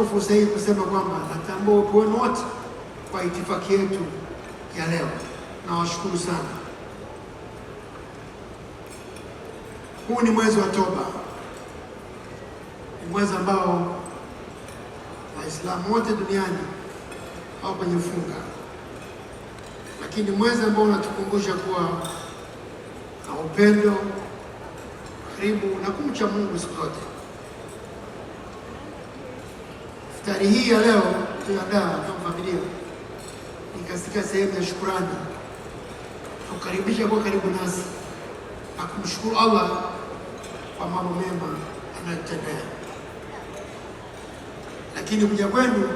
Nichukue fursa hii kusema kwamba natambua watu wenu wote kwa itifaki yetu ya leo, nawashukuru sana. Huu ni mwezi wa toba, ni mwezi ambao Waislamu wote duniani au kwenye funga lakini mwezi ambao unatukumbusha kuwa na upendo, karibu na kumcha Mungu siku zote. Iftari hii ya leo tuliandaa kama familia ni katika sehemu ya shukurani, kukaribisha kwa karibu nasi na kumshukuru Allah kwa mambo mema anayotendea, lakini kuja kwenu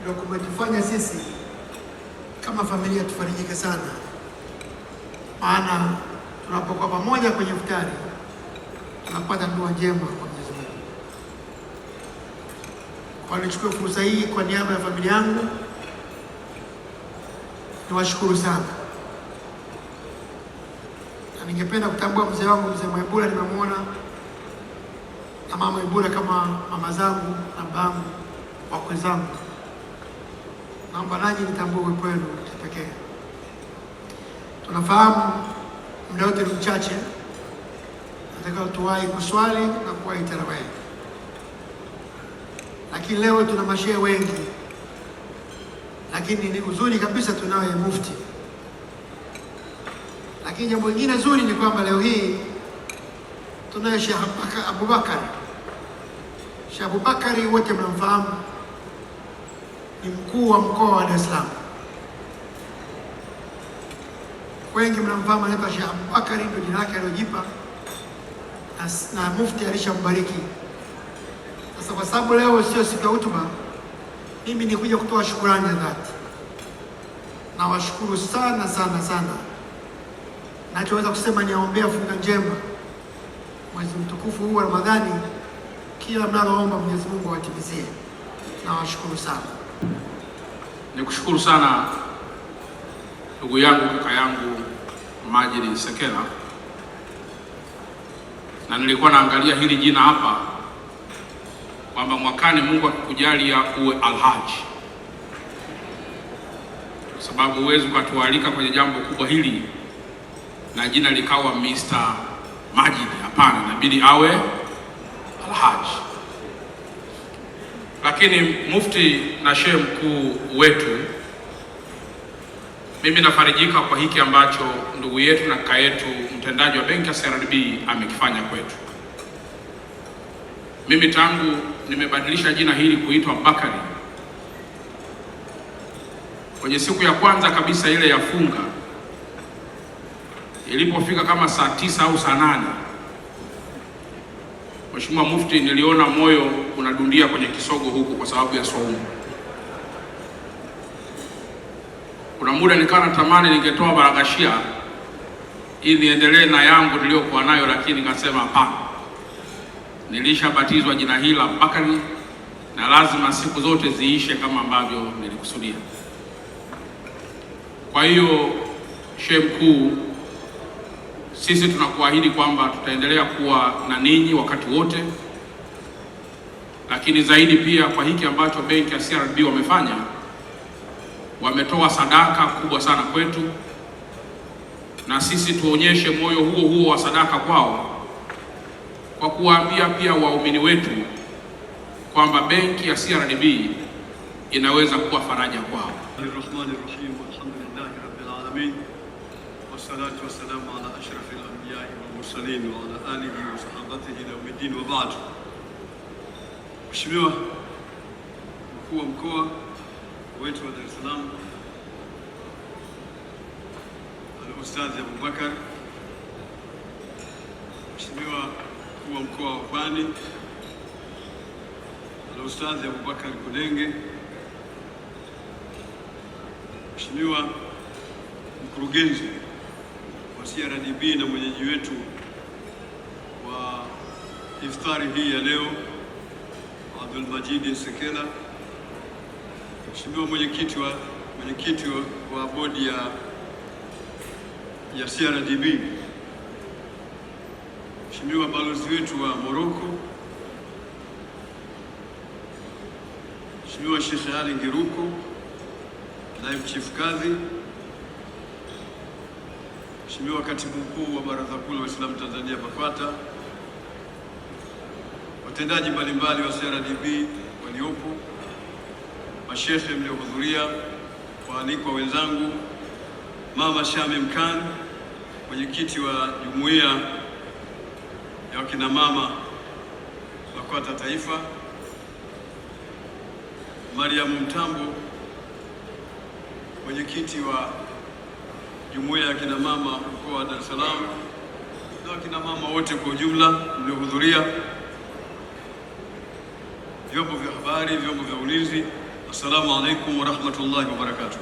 ndio kumetufanya sisi kama familia tufarijike sana, maana tunapokuwa pamoja kwenye iftari tunapata ndoa njema wanichukua fursa hii kwa niaba ya familia yangu niwashukuru sana, na ningependa kutambua mzee wangu mzee Mwaibura, nimemwona na mama Mwaibura kama mama zangu na babangu wakwe zangu, naomba nanyi nitambue uwepo wenu kipekee. Tunafahamu muda wote ni mchache, nataka tuwahi kuswali na kuwahi tarawehe lakini leo tuna mashehe wengi, lakini ni uzuri kabisa tunaye mufti. Lakini jambo lingine zuri ni kwamba leo hii tunaye Sheikh Abubakar. Sheikh Abubakari wote mnamfahamu, ni mkuu wa mkoa wa Dar es Salaam. Wengi mnamfahamu, anaitwa Sheikh Abubakari, ndio jina lake aliojipa na, na mufti alishambariki sasa kwa sababu leo sio siku ya hotuba, mimi nikuja kutoa shukurani ya dhati. Nawashukuru sana sana sana. Nachoweza kusema niwaombea funga njema mwezi mtukufu huu wa Ramadhani, kila mnaloomba Mwenyezi Mungu awatimizie. Nawashukuru sana. Nikushukuru sana ndugu yangu, kaka yangu Majid Sekela, na nilikuwa naangalia hili jina hapa kwamba mwakani Mungu akikujalia uwe alhaji, kwa sababu huwezi ukatualika kwenye jambo kubwa hili na jina likawa Mr. Majid. Hapana, inabidi awe alhaji. Lakini mufti na shehe mkuu wetu, mimi nafarijika kwa hiki ambacho ndugu yetu na kaka yetu mtendaji wa benki ya CRDB amekifanya kwetu. Mimi tangu nimebadilisha jina hili kuitwa Bakari. Kwenye siku ya kwanza kabisa ile ya funga, ilipofika kama saa tisa au saa nane, Mheshimiwa Mufti, niliona moyo unadundia kwenye kisogo huku kwa sababu ya swaumu. Kuna muda nikawa natamani ningetoa baragashia ili niendelee na yangu niliyokuwa nayo, lakini nikasema hapana nilishabatizwa jina hili la Bakari na lazima siku zote ziishe kama ambavyo nilikusudia. Kwa hiyo, shehe mkuu, sisi tunakuahidi kwamba tutaendelea kuwa na ninyi wakati wote, lakini zaidi pia kwa hiki ambacho benki ya CRDB wamefanya, wametoa sadaka kubwa sana kwetu, na sisi tuonyeshe moyo huo huo wa sadaka kwao kwa kuwaambia pia waumini wetu kwamba benki ya CRDB inaweza kuwa faraja kwao. Rahmani Rahim, alhamdulillahi rabbil alamin, wassalatu wassalamu ala ashrafil anbiya wal mursalin wa ala alihi wa sahabatihi ila yawmiddin wa ba'd. Mheshimiwa mkuu wa mkoa wetu wa Dar es Salaam Al Ustadh Abubakar, Mheshimiwa mkuu wa mkoa wa Pwani na Ustadhi Abubakar Kulenge, Mheshimiwa mkurugenzi wa CRDB na mwenyeji wetu wa iftari hii ya leo Abdul Majid Sekela, Mheshimiwa mwenyekiti wa mwenyekiti wa bodi ya ya CRDB Mheshimiwa balozi wetu wa Morocco, Mheshimiwa Sheikh Ali Ngiruko, Naibu Chief Kadhi, Mheshimiwa Katibu Mkuu wa Baraza Kuu la Waislamu Tanzania BAKWATA, watendaji mbalimbali wa CRDB waliopo, mashekhe mliohudhuria, waalikwa wenzangu, Mama Shamim Khan, mwenyekiti wa jumuiya ya wakina mama BAKWATA Taifa, Mariamu Mtambo, mwenyekiti wa jumuiya ya kina mama mkoa wa Dar es Salaam, na wakina mama wote kwa ujumla mliohudhuria, vyombo vya habari, vyombo vya ulinzi, assalamu alaikum warahmatullahi wabarakatuh.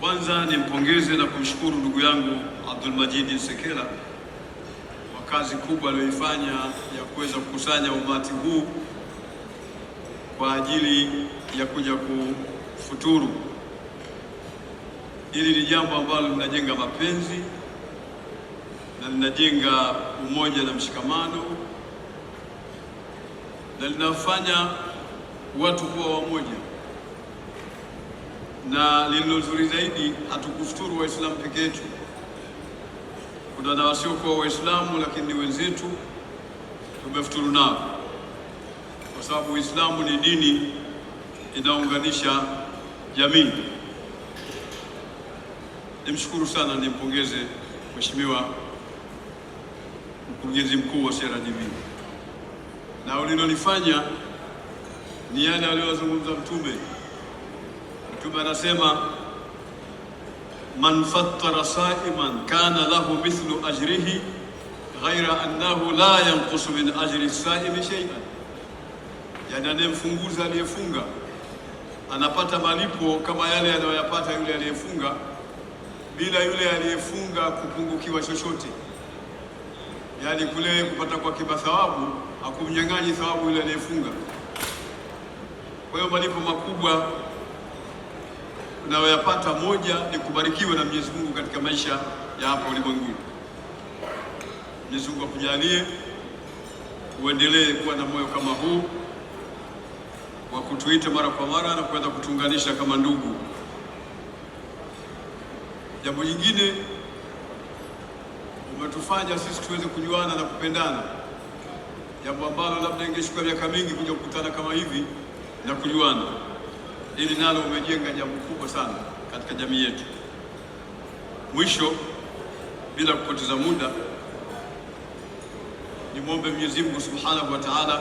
Kwanza nimpongeze na kumshukuru ndugu yangu Majid Sekela kazi kubwa aliyoifanya ya kuweza kukusanya umati huu kwa ajili ya kuja kufuturu. Hili ni jambo ambalo linajenga mapenzi na linajenga umoja na mshikamano na linafanya watu kuwa wamoja, na lililo zuri zaidi hatukufuturu Waislamu peke yetu kuna na wasiokuwa Waislamu, lakini ni wenzetu tumefuturu nao, kwa sababu Uislamu ni dini inaunganisha jamii. Nimshukuru sana, nimpongeze Mheshimiwa mkurugenzi mkuu wa CRDB, na ulilolifanya ni yale aliyozungumza Mtume. Mtume anasema man fattara saiman kana lahu mithlu ajrihi ghaira annahu la yanqusu min ajri saimi shay'an, yani anayemfunguza aliyefunga anapata malipo kama yale anayoyapata yule aliyefunga bila yule aliyefunga kupungukiwa chochote. Yani kule kupata kwa kiba thawabu hakumnyang'anyi thawabu yule aliyefunga. Kwa hiyo malipo makubwa unayoyapata, moja ni kubarikiwa na Mwenyezi Mungu katika maisha ya hapa ulimwenguni. Mwenyezi Mungu akujalie uendelee kuwa na moyo kama huu wa kutuita mara kwa mara na kuweza kutuunganisha kama ndugu. Jambo jingine umetufanya sisi tuweze kujuana na kupendana, jambo ambalo labda ingechukua miaka mingi kuja kukutana kama hivi na kujuana ili nalo umejenga jambo kubwa sana katika jamii yetu. Mwisho, bila kupoteza muda, nimwombe Mwenyezi Mungu Subhanahu wa Ta'ala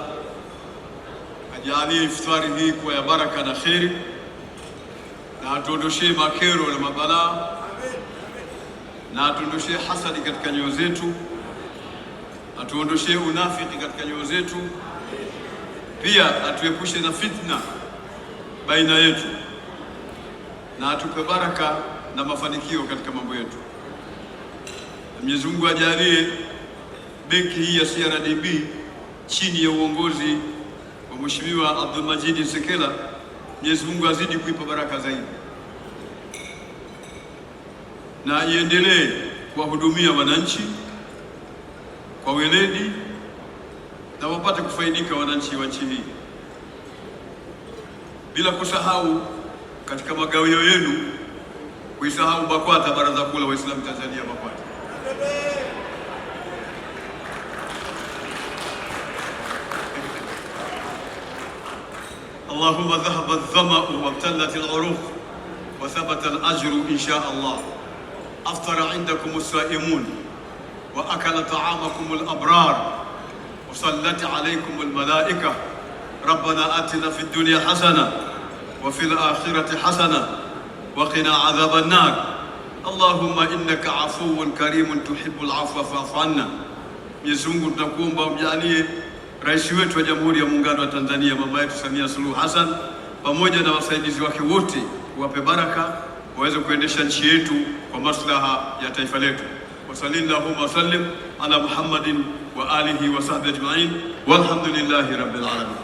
ajalie iftari hii kuwa ya baraka na kheri, na atuondoshee makero na mabalaa, na atuondoshee hasadi katika nyoyo zetu, atuondoshee unafiki katika nyoyo zetu, pia atuepushe na fitna baina yetu na atupe baraka na mafanikio katika mambo yetu. Mwenyezi Mungu ajalie benki hii ya CRDB chini ya uongozi wa Mheshimiwa Abdul Majid Sekela, Mwenyezi Mungu azidi kuipa baraka zaidi na iendelee kuwahudumia wananchi kwa weledi na wapate kufaidika wananchi wa nchi hii. bila kusahau katika magawio yenu kuisahau BAKWATA, Baraza Kuu la Waislamu Tanzania, BAKWATA. Allahumma dhahaba adh-dhama'u wabtallat al-'uruq wa thabata al-ajru insha Allah. Aftara 'indakum as-sa'imun wa akala ta'amakum al-abrar wa sallat 'alaykum al-mala'ika rabbana atina fid dunya hasana wa fil akhirati hasana wa qina adhaban nar allahumma innaka afuwun karimun tuhibbul afwa fa'fu anna. Mwenyezi Mungu tunakuomba umjalie rais wetu wa Jamhuri ya Muungano wa Tanzania mama yetu Samia Suluhu Hassan pamoja na wasaidizi wake wote, wape baraka waweze kuendesha nchi yetu kwa maslaha ya taifa letu. wasalli Wasallallahu wasallim ala Muhammadin wa alihi wa sahbihi ajma'in walhamdulillahi rabbil alamin.